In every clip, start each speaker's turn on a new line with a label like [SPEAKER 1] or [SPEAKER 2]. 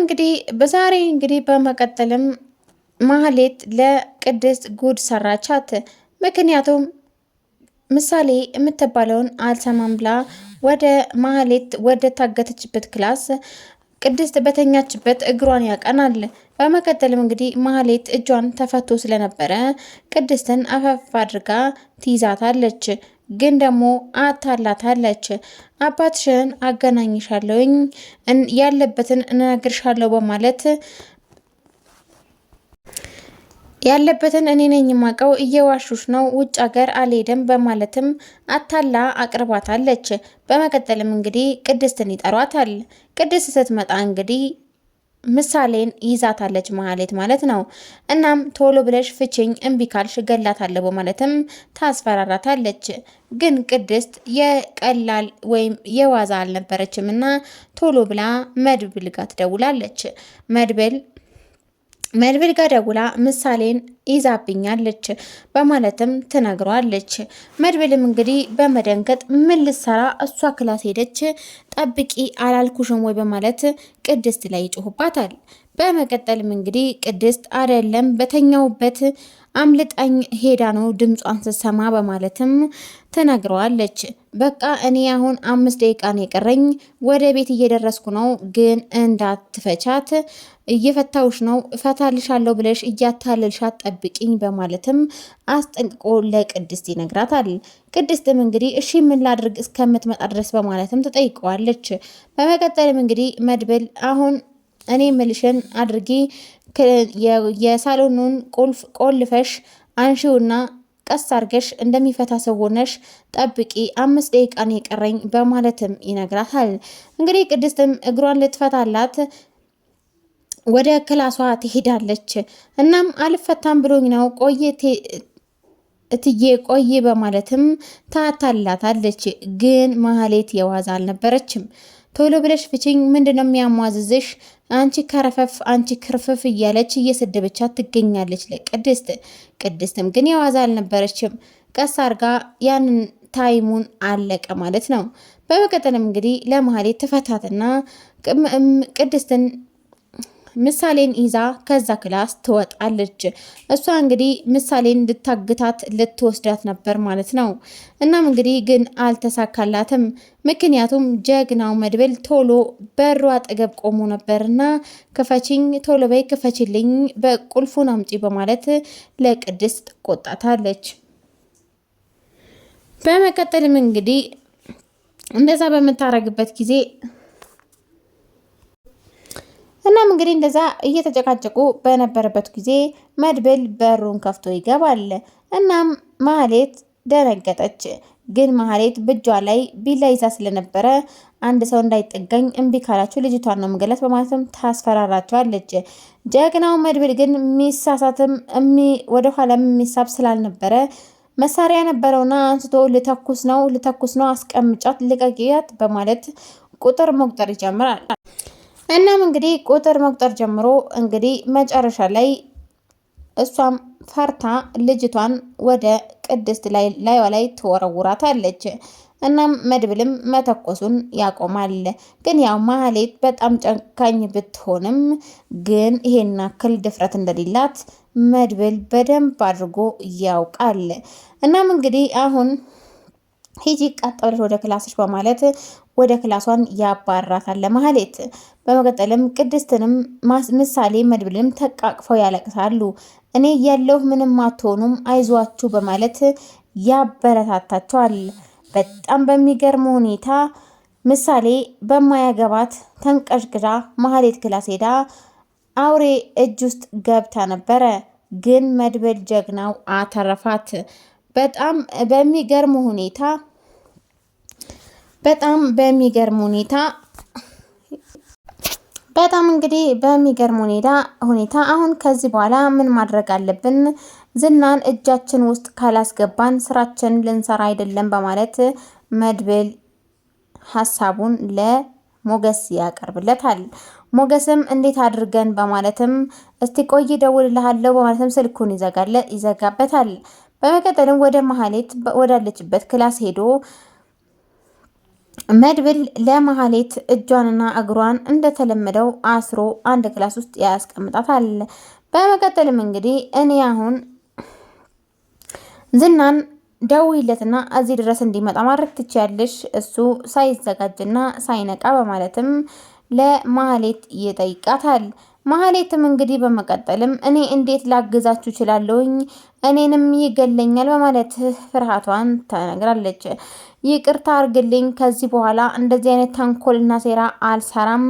[SPEAKER 1] እንግዲህ በዛሬ እንግዲህ በመቀጠልም ማህሌት ለቅድስት ጉድ ሰራቻት። ምክንያቱም ምሳሌ የምትባለውን አልሰማም ብላ ወደ ማህሌት ወደ ታገተችበት ክላስ ቅድስት በተኛችበት እግሯን ያቀናል። በመቀጠልም እንግዲህ ማህሌት እጇን ተፈቶ ስለነበረ ቅድስትን አፈፍ አድርጋ ትይዛታለች። ግን ደግሞ አታላታለች። አባትሽን አገናኝሻለሁኝ ያለበትን እነግርሻለሁ በማለት ያለበትን እኔ ነኝ የማውቀው፣ እየዋሹሽ ነው፣ ውጭ ሀገር አልሄድም በማለትም አታላ አቅርባታለች። በመቀጠልም እንግዲህ ቅድስትን ይጠሯታል። ቅድስት ስትመጣ እንግዲህ ምሳሌን ይዛታለች መሀሌት ማለት ነው። እናም ቶሎ ብለሽ ፍችኝ እምቢ ካልሽ እገላታለሁ በማለትም ታስፈራራታለች። ግን ቅድስት የቀላል ወይም የዋዛ አልነበረችም እና ቶሎ ብላ መድብል ጋር ትደውላለች። መድብል መድብል ጋር ደውላ ምሳሌን ይዛብኛለች በማለትም ትነግሯለች። መድብልም እንግዲህ በመደንገጥ ምን ልትሰራ እሷ ክላስ ሄደች ጠብቂ አላልኩሽም ወይ በማለት ቅድስት ላይ ይጮሁባታል። በመቀጠልም እንግዲህ ቅድስት አይደለም በተኛውበት አምልጣኝ ሄዳ ነው ድምጿን ስትሰማ በማለትም ትነግረዋለች። በቃ እኔ አሁን አምስት ደቂቃ ነው የቀረኝ፣ ወደ ቤት እየደረስኩ ነው፣ ግን እንዳትፈቻት እየፈታውሽ ነው፣ እፈታልሻለሁ ብለሽ እያታለልሻት ጠብቂኝ በማለትም አስጠንቅቆ ለቅድስት ይነግራታል። ቅድስትም እንግዲህ እሺ ምን ላድርግ እስከምትመጣ ድረስ በማለትም ትጠይቀዋለች። በመቀጠልም እንግዲህ መድብል አሁን እኔ ምልሽን አድርጊ የሳሎኑን ቁልፍ ቆልፈሽ አንሺውና ቀስ አርገሽ እንደሚፈታ ሰው ሆነሽ ጠብቂ፣ አምስት ደቂቃን የቀረኝ በማለትም ይነግራታል። እንግዲህ ቅድስትም እግሯን ልትፈታላት ወደ ክላሷ ትሄዳለች። እናም አልፈታም ብሎኝ ነው ቆየ እትዬ ቆይ በማለትም ታታላታለች። ግን መሀሌት የዋዛ አልነበረችም። ቶሎ ብለሽ ፍችኝ፣ ምንድነው የሚያሟዝዝሽ? አንቺ ከረፈፍ፣ አንቺ ክርፍፍ እያለች እየሰደበቻት ትገኛለች ለቅድስት። ቅድስትም ግን የዋዛ አልነበረችም። ቀስ አርጋ ያንን ታይሙን አለቀ ማለት ነው። በመቀጠልም እንግዲህ ለመሀሌት ትፈታትና ቅድስትን ምሳሌን ይዛ ከዛ ክላስ ትወጣለች። እሷ እንግዲህ ምሳሌን ልታግታት ልትወስዳት ነበር ማለት ነው። እናም እንግዲህ ግን አልተሳካላትም። ምክንያቱም ጀግናው መድብል ቶሎ በሩ አጠገብ ቆሞ ነበርና ክፈችኝ፣ ቶሎ በይ ክፈችልኝ፣ በቁልፉን አምጪ በማለት ለቅድስት ትቆጣታለች። በመቀጠልም እንግዲህ እንደዛ በምታረግበት ጊዜ እናም እንግዲህ እንደዛ እየተጨቃጨቁ በነበረበት ጊዜ መድብል በሩን ከፍቶ ይገባል። እናም ማህሌት ደነገጠች። ግን ማህሌት በእጇ ላይ ቢላ ይዛ ስለነበረ አንድ ሰው እንዳይጠጋኝ እምቢ ካላችሁ ልጅቷን ነው የምገላት በማለትም ታስፈራራቸዋለች። ጀግናው መድብል ግን የሚሳሳትም ወደኋላ የሚሳብ ስላልነበረ መሳሪያ ነበረውና አንስቶ ልተኩስ ነው ልተኩስ ነው አስቀምጫት ልቀቂያት በማለት ቁጥር መቁጠር ይጀምራል። እናም እንግዲህ ቁጥር መቁጠር ጀምሮ እንግዲህ መጨረሻ ላይ እሷም ፈርታ ልጅቷን ወደ ቅድስት ላይዋ ላይ ትወረውራታለች። እናም መድብልም መተኮሱን ያቆማል። ግን ያው ማህሌት በጣም ጨካኝ ብትሆንም ግን ይሄን ያክል ድፍረት እንደሌላት መድብል በደንብ አድርጎ ያውቃል። እናም እንግዲህ አሁን ሂጂ ቀጥ ብለሽ ወደ ክላስሽ በማለት ወደ ክላሷን ያባራታል ለማህሌት። በመቀጠልም ቅድስትንም ምሳሌ መድብልንም ተቃቅፈው ያለቅሳሉ። እኔ ያለሁ ምንም አትሆኑም አይዟችሁ በማለት ያበረታታቸዋል። በጣም በሚገርም ሁኔታ ምሳሌ በማያገባት ተንቀዥቅዣ ማህሌት ክላስ ሄዳ አውሬ እጅ ውስጥ ገብታ ነበረ፣ ግን መድብል ጀግናው አተረፋት። በጣም በሚገርም ሁኔታ በጣም በሚገርም ሁኔታ በጣም እንግዲህ በሚገርም ሁኔታ ሁኔታ አሁን ከዚህ በኋላ ምን ማድረግ አለብን? ዝናን እጃችን ውስጥ ካላስገባን ስራችን ልንሰራ አይደለም በማለት መድብል ሀሳቡን ለሞገስ ያቀርብለታል። ሞገስም እንዴት አድርገን በማለትም እስቲ ቆይ እደውልልሃለሁ በማለትም ስልኩን ይዘጋበታል። በመቀጠልም ወደ መሀሌት ወዳለችበት ክላስ ሄዶ መድብል ለመሀሌት እጇንና እግሯን እንደተለመደው አስሮ አንድ ክላስ ውስጥ ያስቀምጣታል። በመቀጠልም እንግዲህ እኔ አሁን ዝናን ደውይለትና እዚህ ድረስ እንዲመጣ ማድረግ ትችያለሽ፣ እሱ ሳይዘጋጅና ሳይነቃ በማለትም ለመሀሌት ይጠይቃታል። ማህሌትም እንግዲህ በመቀጠልም እኔ እንዴት ላግዛችሁ እችላለሁኝ እኔንም ይገለኛል በማለት ፍርሃቷን ተነግራለች። ይቅርታ አርግልኝ፣ ከዚህ በኋላ እንደዚህ አይነት ተንኮልና ሴራ አልሰራም።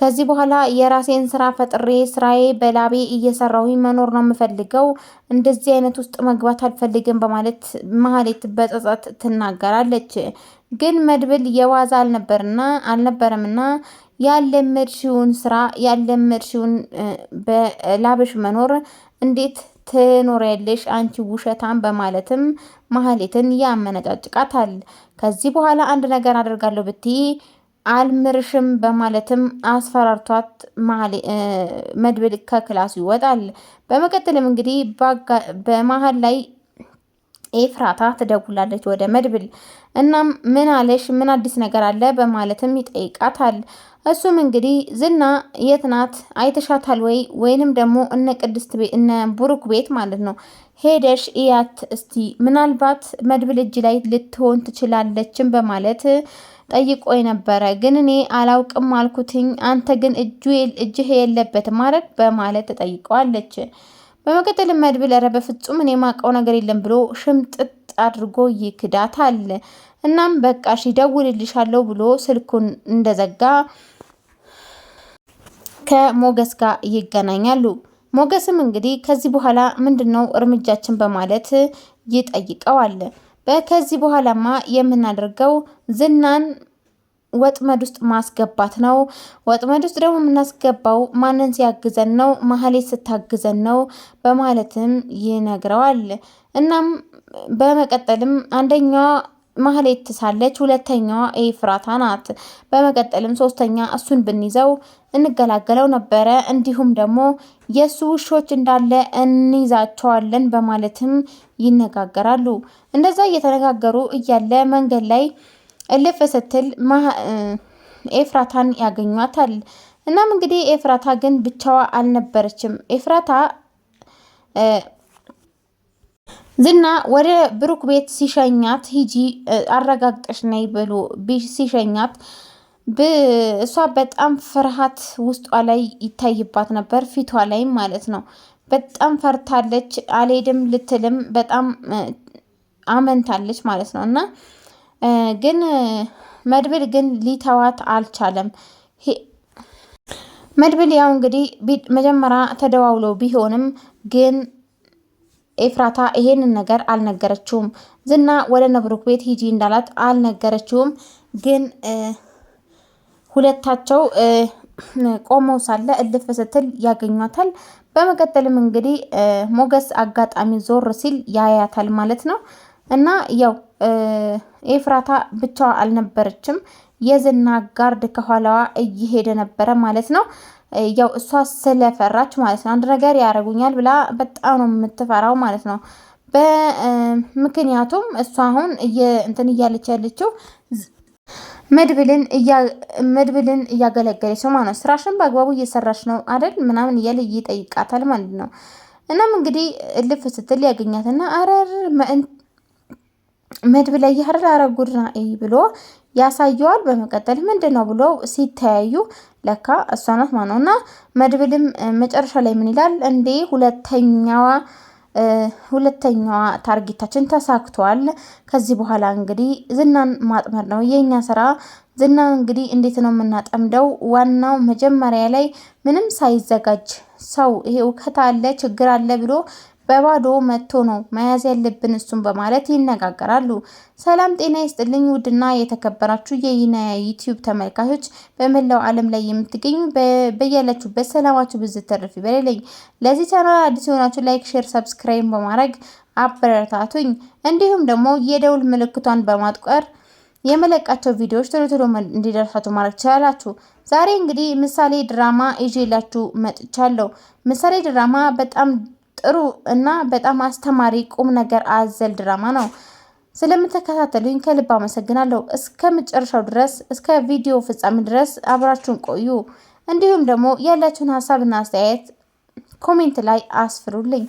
[SPEAKER 1] ከዚህ በኋላ የራሴን ስራ ፈጥሬ ስራዬ በላቤ እየሰራሁኝ መኖር ነው የምፈልገው። እንደዚህ አይነት ውስጥ መግባት አልፈልግም በማለት ማህሌት በጸጸት ትናገራለች። ግን መድብል የዋዛ አልነበርና አልነበረምና ያለመድሽውን ስራ ያለመድሽውን በላብሽ መኖር እንዴት ትኖሪያለሽ አንቺ ውሸታም በማለትም ማህሌትን ያመነጫጭቃታል። ከዚህ በኋላ አንድ ነገር አደርጋለሁ ብትይ አልምርሽም በማለትም አስፈራርቷት መድብል ከክላሱ ይወጣል። በመቀጠልም እንግዲህ በመሀል ላይ ኤፍራታ ትደውላለች ወደ መድብል። እናም ምን አለሽ? ምን አዲስ ነገር አለ? በማለትም ይጠይቃታል። እሱም እንግዲህ ዝና የት ናት? አይተሻታል ወይ? ወይንም ደግሞ እነ ቅድስት ቤት እነ ቡሩክ ቤት ማለት ነው ሄደሽ እያት እስቲ፣ ምናልባት መድብል እጅ ላይ ልትሆን ትችላለችም በማለት ጠይቆ ነበረ። ግን እኔ አላውቅም አልኩትኝ። አንተ ግን እጅ የለበትም ማለት በማለት ተጠይቀዋለች። በመቀጠል መድብል ኧረ በፍጹም እኔ የማውቀው ነገር የለም ብሎ ሽምጥጥ አድርጎ ይክዳታል። እናም በቃ እሺ እደውልልሻለሁ ብሎ ስልኩን እንደዘጋ ከሞገስ ጋር ይገናኛሉ። ሞገስም እንግዲህ ከዚህ በኋላ ምንድን ነው እርምጃችን በማለት ይጠይቀዋል። በከዚህ በኋላማ የምናደርገው ዝናን ወጥመድ ውስጥ ማስገባት ነው። ወጥመድ ውስጥ ደግሞ የምናስገባው ማንን ሲያግዘን ነው? ማህሌት ስታግዘን ነው በማለትም ይነግረዋል። እናም በመቀጠልም አንደኛዋ ማህሌት ትሳለች፣ ሁለተኛዋ ኤፍራታ ናት። በመቀጠልም ሶስተኛ እሱን ብንይዘው እንገላገለው ነበረ። እንዲሁም ደግሞ የእሱ ውሾች እንዳለ እንይዛቸዋለን በማለትም ይነጋገራሉ። እንደዛ እየተነጋገሩ እያለ መንገድ ላይ እልፍ ስትል ኤፍራታን ያገኟታል። እናም እንግዲህ ኤፍራታ ግን ብቻዋ አልነበረችም። ኤፍራታ ዝና ወደ ብሩክ ቤት ሲሸኛት ሂጂ አረጋግጠሽ ነይ ብሎ ሲሸኛት እሷ በጣም ፍርሃት ውስጧ ላይ ይታይባት ነበር፣ ፊቷ ላይ ማለት ነው። በጣም ፈርታለች። አልሄድም ልትልም በጣም አመንታለች ማለት ነው እና ግን መድብል ግን ሊተዋት አልቻለም። መድብል ያው እንግዲህ መጀመሪያ ተደዋውሎ ቢሆንም ግን ኤፍራታ ይሄንን ነገር አልነገረችውም። ዝና ወደ ነብሩክ ቤት ሂጂ እንዳላት አልነገረችውም። ግን ሁለታቸው ቆመው ሳለ እልፍ ስትል ያገኟታል። በመቀጠልም እንግዲህ ሞገስ አጋጣሚ ዞር ሲል ያያታል ማለት ነው እና ያው ኤፍራታ ብቻዋ አልነበረችም። የዝና ጋርድ ከኋላዋ እየሄደ ነበረ ማለት ነው። ያው እሷ ስለፈራች ማለት ነው አንድ ነገር ያደርጉኛል ብላ በጣም ነው የምትፈራው ማለት ነው። በምክንያቱም እሷ አሁን እንትን እያለች ያለችው መድብልን መድብልን እያገለገለች ነው ማለት ነው። ስራሽን በአግባቡ እየሰራች ነው አደል ምናምን እያለ ይጠይቃታል ማለት ነው። እናም እንግዲህ እልፍ ስትል ያገኛትና አረር መድብ ላይ ያህል አረጉድና ብሎ ያሳየዋል። በመቀጠል ምንድን ነው ብሎ ሲተያዩ ለካ እሷ ናት ነው። እና መድብልም መጨረሻ ላይ ምን ይላል እንዴ ሁለተኛዋ ሁለተኛዋ ታርጌታችን ተሳክቷል። ከዚህ በኋላ እንግዲህ ዝናን ማጥመድ ነው የእኛ ስራ። ዝናን እንግዲህ እንዴት ነው የምናጠምደው? ዋናው መጀመሪያ ላይ ምንም ሳይዘጋጅ ሰው ይሄው አለ ችግር አለ ብሎ በባዶ መጥቶ ነው መያዝ ያለብን እሱን በማለት ይነጋገራሉ። ሰላም ጤና ይስጥልኝ ውድና የተከበራችሁ የይና ዩቲዩብ ተመልካቾች በመላው ዓለም ላይ የምትገኙ በያላችሁበት ሰላማችሁ ብዝ ተርፍ ለዚህ ቻናል አዲስ የሆናችሁ ላይክ፣ ሼር፣ ሰብስክራይብ በማድረግ አበረታቱኝ። እንዲሁም ደግሞ የደውል ምልክቷን በማጥቆር የመለቃቸው ቪዲዮዎች ቶሎ ቶሎ እንዲደርሳችሁ ማድረግ ትችላላችሁ። ዛሬ እንግዲህ ምሳሌ ድራማ ይዤላችሁ መጥቻለሁ። ምሳሌ ድራማ በጣም ጥሩ እና በጣም አስተማሪ ቁም ነገር አዘል ድራማ ነው። ስለምትከታተሉኝ ከልብ አመሰግናለሁ። እስከ መጨረሻው ድረስ እስከ ቪዲዮ ፍጻሜ ድረስ አብራችሁን ቆዩ። እንዲሁም ደግሞ ያላችሁን ሀሳብና አስተያየት ኮሜንት ላይ አስፍሩልኝ።